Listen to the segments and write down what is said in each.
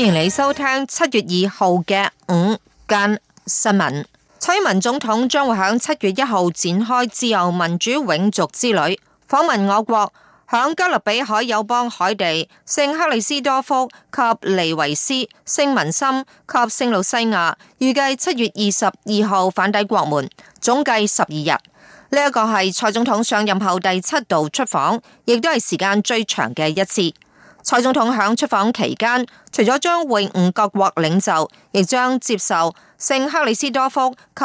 歡迎你收聽七月二號嘅午間新聞。蔡英文總統將會喺七月十一號展開自由民主永續之旅，訪問我國響加勒比海友邦海地、聖克里斯多福及尼維斯、聖文森及聖露西亞，預計七月二十二號返抵國門，總計十二日。呢一個係蔡總統上任後第七度出訪，亦都係時間最長嘅一次。蔡總統響出訪期間，除咗將會晤各國領袖，亦將接受聖克里斯多福及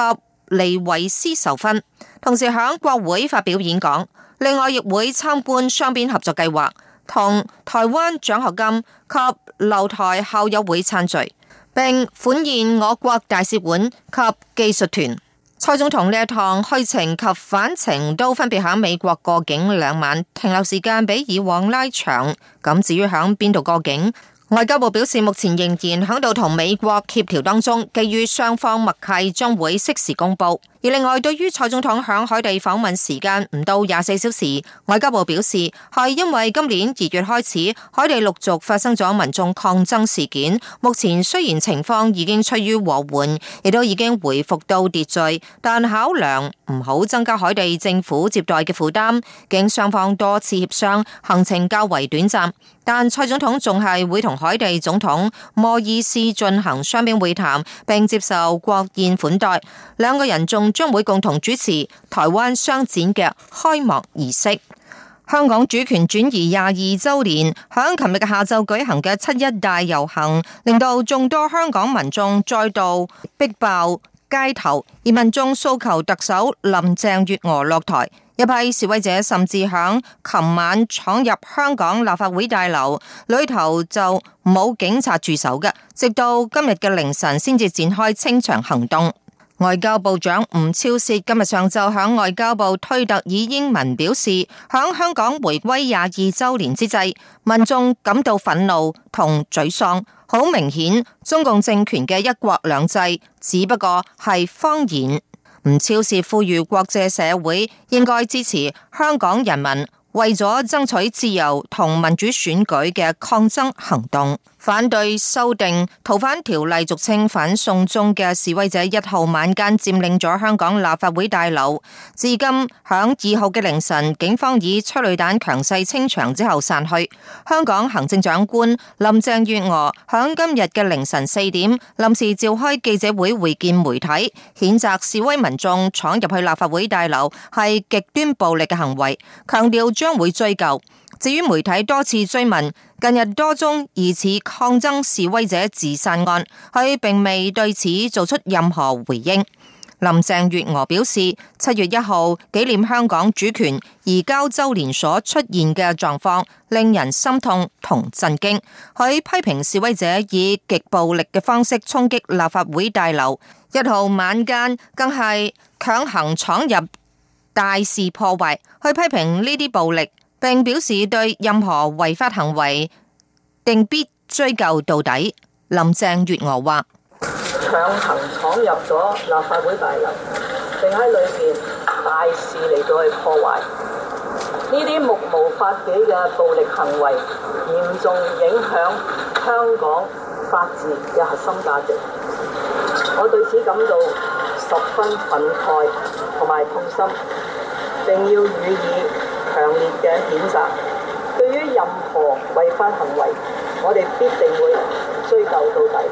尼維斯授勳，同時響國會發表演講。另外，亦會參觀雙邊合作計劃、同台灣獎學金及留台校友會餐聚，並款宴我國大使館及技術團。蔡總統呢一趟去程及返程都分別喺美國過境兩晚，停留時間比以往拉長。咁至於響邊度過境？外交部表示，目前仍然響度同美國協調當中，基於雙方默契，將會適時公布。而另外，對於蔡總統響海地訪問時間唔到廿四小時，外交部表示係因為今年二月開始，海地陸續發生咗民眾抗爭事件，目前雖然情況已經趨於和緩，亦都已經回復到秩序，但考量唔好增加海地政府接待嘅負擔，經雙方多次協商，行程較為短暫。但蔡總統仲係會同海地總統莫伊斯進行雙邊會談，並接受國宴款待。兩個人仲將會共同主持台灣商展嘅開幕儀式。香港主權轉移廿二周年，響琴日嘅下晝舉行嘅七一大遊行，令到眾多香港民眾再度逼爆街頭，而民眾訴求特首林鄭月娥落台。一批示威者甚至響琴晚闖入香港立法會大樓，裏頭就冇警察駐守嘅，直到今日嘅凌晨先至展開清場行動。外交部長吳釗燮，今日上晝響外交部推特以英文表示，響香港回歸廿二周年之際，民眾感到憤怒同沮喪。好明顯，中共政權嘅一國兩制只不過係謊言，唔超視呼籲國際社會應該支持香港人民為咗爭取自由同民主選舉嘅抗爭行動。反對修訂逃犯條例，俗稱反送中嘅示威者，一號晚間佔領咗香港立法會大樓，至今響二號嘅凌晨，警方以催淚彈強勢清場之後散去。香港行政長官林鄭月娥響今日嘅凌晨四點，臨時召開記者會會見媒體，譴責示威民眾闖入去立法會大樓係極端暴力嘅行為，強調將會追究。至於媒體多次追問近日多宗疑似抗爭示威者自殺案，佢並未對此做出任何回應。林鄭月娥表示，七月一號紀念香港主權移交周年所出現嘅狀況，令人心痛同震驚。佢批評示威者以極暴力嘅方式衝擊立法會大樓，一號晚間更係強行闖入、大肆破壞，佢批評呢啲暴力。並表示對任何違法行為定必追究到底。林鄭月娥話，強行闖入咗立法會大樓，並喺裏邊大肆嚟到去破壞，呢啲目無法紀嘅暴力行為，嚴重影響香港法治嘅核心價值。我對此感到十分憤慨同埋痛心，並要予以。強烈嘅譴責，對於任何違法行為，我哋必定會追究到底。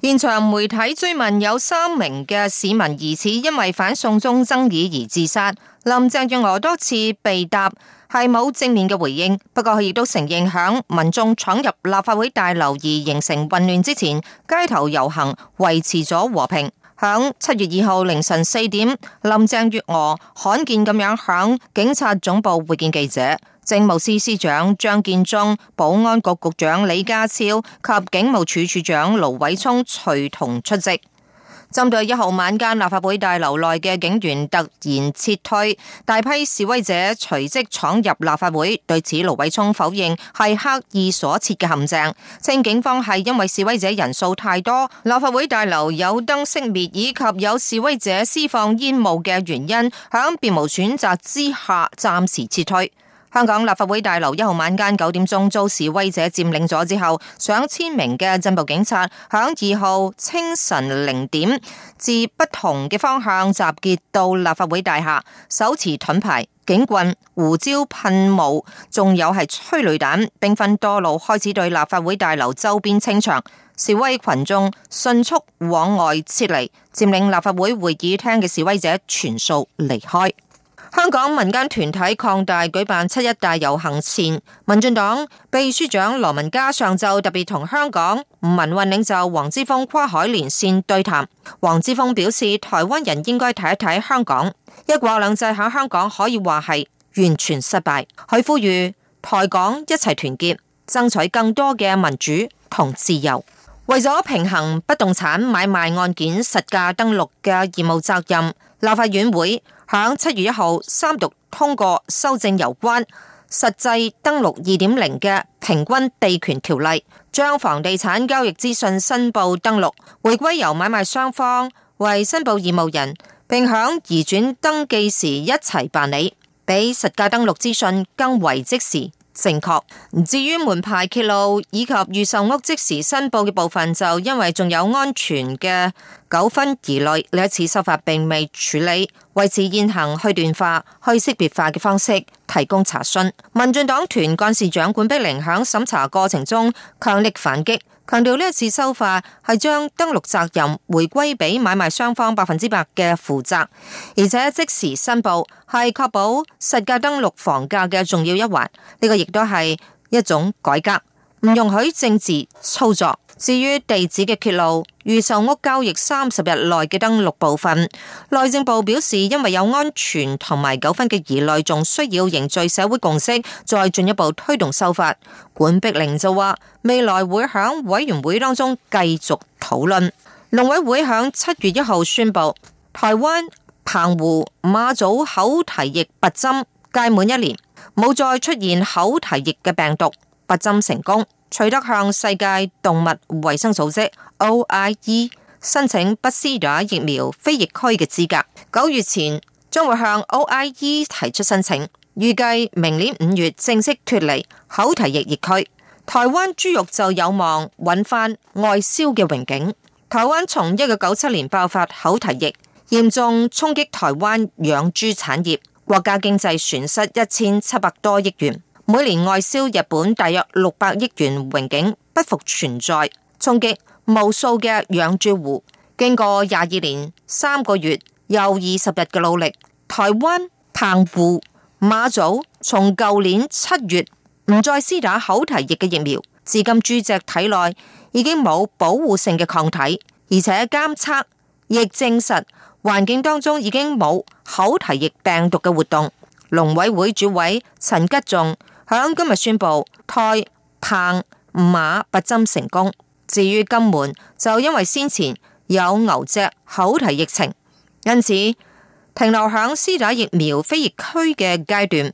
現場媒體追問有三名嘅市民疑似因為反送中爭議而自殺，林鄭月娥多次被答係冇正面嘅回應，不過佢亦都承認響民衆闖入立法會大樓而形成混亂之前，街頭遊行維持咗和平。響七月二號凌晨四點，林鄭月娥罕見咁樣響警察總部會見記者，政務司司長張建宗、保安局局長李家超及警務處處長盧偉聰隨同出席。針對一號晚間立法會大樓內嘅警員突然撤退，大批示威者隨即闖入立法會。對此，盧偉聰否認係刻意所設嘅陷阱，稱警方係因為示威者人數太多、立法會大樓有燈熄滅以及有示威者施放煙霧嘅原因，響別無選擇之下暫時撤退。香港立法會大樓一號晚間九點鐘遭示威者佔領咗之後，上千名嘅鎮暴警察響二號清晨零點至不同嘅方向集結到立法會大廈，手持盾牌、警棍、胡椒噴霧，仲有係催淚彈，兵分多路開始對立法會大樓周邊清場，示威群眾迅速往外撤離，佔領立法會會議廳嘅示威者全數離開。香港民間團體擴大舉辦七一大遊行前，民進黨秘書長羅文嘉上晝特別同香港民運領袖黃之鋒跨海連線對談。黃之鋒表示，台灣人應該睇一睇香港一國兩制喺香港可以話係完全失敗，佢呼籲台港一齊團結，爭取更多嘅民主同自由。為咗平衡不動產買賣案件實價登錄嘅義務責任，立法院會，響七月一號，三讀通過修正有關實價登錄二點零嘅平均地權條例，將房地產交易資訊申報登錄，回歸由買賣雙方為申報義務人，並響移轉登記時一齊辦理，比實價登錄資訊更為即時。正確。至於門牌揭露以及預售屋即時申報嘅部分，就因為仲有安全嘅糾紛疑慮，呢一次修法並未處理。維持現行去段化、去識別化嘅方式提供查詢。民進黨團幹事長管碧玲響審查過程中強力反擊。強調呢一次修法係將登錄責任回歸俾買賣雙方百分之百嘅負責，而且即時申報係確保實價登錄房價嘅重要一環。呢、這個亦都係一種改革，唔容許政治操作。至於地址嘅揭露，預售屋交易三十日內嘅登錄部分，內政部表示，因為有安全同埋糾紛嘅疑慮，仲需要凝聚社會共識，再進一步推動修法。管碧玲就話，未來會響委員會當中繼續討論。農委會響七月一號宣布，台灣澎湖馬祖口蹄疫拔針屆滿一年，冇再出現口蹄疫嘅病毒，拔針成功。取得向世界動物衛生組織 OIE 申請不施打疫苗非疫區嘅資格，九月前將會向 OIE 提出申請，預計明年五月正式脱離口蹄疫疫區，台灣豬肉就有望揾翻外銷嘅榮景。台灣從一九九七年爆發口蹄疫，嚴重衝擊台灣養豬產業，國家經濟損失一千七百多億元。每年外銷日本大約六百億元榮景，不復存在衝擊，無數嘅養豬戶，經過廿二年三個月又二十日嘅努力，台灣澎湖馬祖從舊年七月唔再施打口蹄疫嘅疫苗，至今豬隻體內已經冇保護性嘅抗體，而且監測亦證實環境當中已經冇口蹄疫病毒嘅活動。農委會主委陳吉仲，響今日宣布，台、澎、馬拔針成功。至於金門，就因為先前有牛隻口蹄疫情，因此停留響施打疫苗非疫區嘅階段。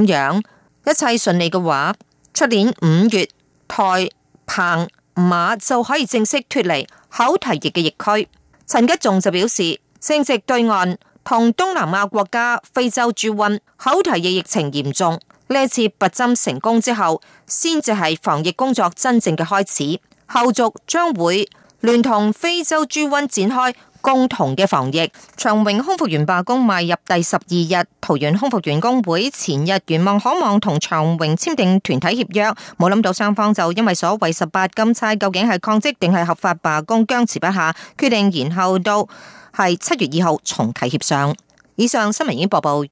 咁樣一切順利嘅話，出年五月，台、澎、馬就可以正式脫離口蹄疫嘅疫區。陳吉仲就表示，正值對岸同東南亞國家非洲豬瘟口蹄疫疫情嚴重。呢一次拔針成功之後，先至係防疫工作真正嘅開始。後續將會聯同非洲豬瘟展開共同嘅防疫。長榮空服員罷工邁入第十二日，桃園空服員工會前日願望可望同長榮簽訂團體協約，冇諗到雙方就因為所謂十八金釵究竟係曠職定係合法罷工僵持不下，決定延後到係七月二號重啟協商。以上新聞已經播報，報。